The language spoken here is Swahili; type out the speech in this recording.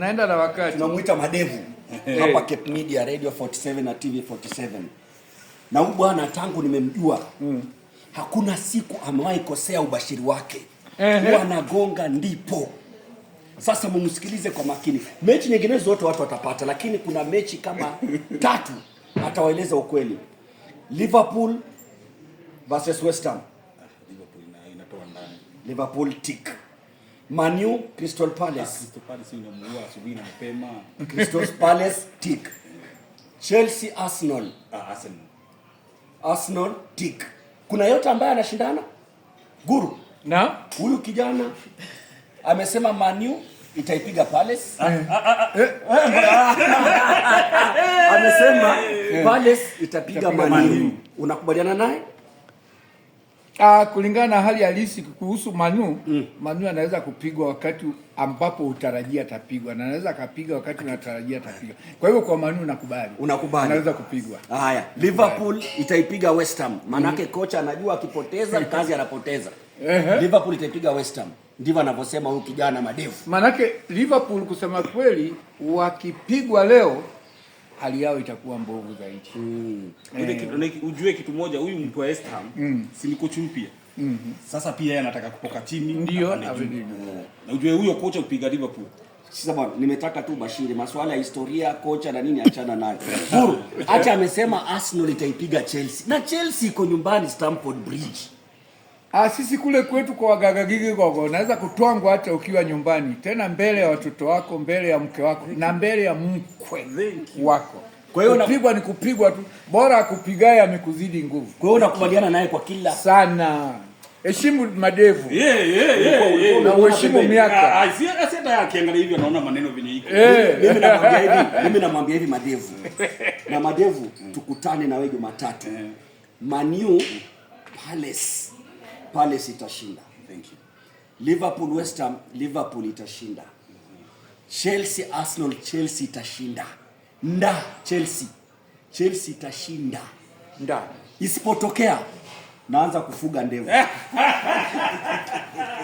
tunaenda na wakati, tunamuita Madevu eh. hapa Cape Media Radio 47 na TV 47. Na huyu bwana tangu nimemjua mm. hakuna siku amewahi kosea ubashiri wake huwa anagonga ndipo sasa mumsikilize kwa makini. Mechi nyingine zote watu watapata, lakini kuna mechi kama tatu atawaeleza ukweli. Liverpool versus West Ham, ah, Liverpool tik Manu Crystal Palace, Crystal Palace ndio mwa asubuhi na mapema. Crystal Palace tick. Chelsea Arsenal. Ah, Arsenal. Arsenal tick. Kuna yote ambaye anashindana? Guru. Na huyu kijana amesema Manu itaipiga Palace. Eh. Ah, ah, ah, eh. Amesema eh. Palace itapiga Manu. Unakubaliana naye? Ah, kulingana na hali halisi kuhusu Manu mm. Manu anaweza kupigwa wakati ambapo utarajia atapigwa na anaweza akapiga wakati unatarajia atapigwa. Kwa hivyo kwa Manu nakubali. Unakubali. Anaweza kupigwa. Haya, Liverpool itaipiga West Ham. Maanake mm. kocha anajua akipoteza kazi anapoteza. Liverpool itaipiga West Ham. Ndivyo anavyosema huyu kijana madevu. Maanake Liverpool kusema kweli wakipigwa leo hali yao itakuwa mbovu zaidi. mm. Eh. Ujue kitu moja, huyu mtu wa West Ham mm. si ni kocha mpya mm -hmm. Sasa pia yeye anataka kutoka chini, ndio na ujue huyo kocha upiga Liverpool sasa bwana, nimetaka tu Bashiri, masuala ya historia kocha na nini, achana nayo buru. Acha amesema Arsenal itaipiga Chelsea na Chelsea iko nyumbani Stamford Bridge. Ah, sisi kule kwetu kwa wagagagigi gogo unaweza kutwangwa hata ukiwa nyumbani, tena mbele ya watoto wako, mbele ya mke wako na mbele ya mkwe wako. Kwa hiyo kupigwa ni kupigwa tu, bora akupigaye amekuzidi nguvu. Kwa hiyo unakubaliana naye kwa kila sana. Heshimu madevu. Yeah, yeah, yeah, yeah. yeah. Na uheshimu miaka. Ah, ah, ah, si hata akiangalia hivyo anaona maneno vyenye Yeah. Mimi namwambia hivi, mimi namwambia hivi madevu. Na madevu tukutane na wewe Jumatatu. Eh. Maniu Palace itashinda. Thank you. Liverpool West Ham, Liverpool itashinda. Chelsea Arsenal, Chelsea itashinda. Nda Chelsea, Chelsea itashinda. Nda isipotokea naanza kufuga ndevu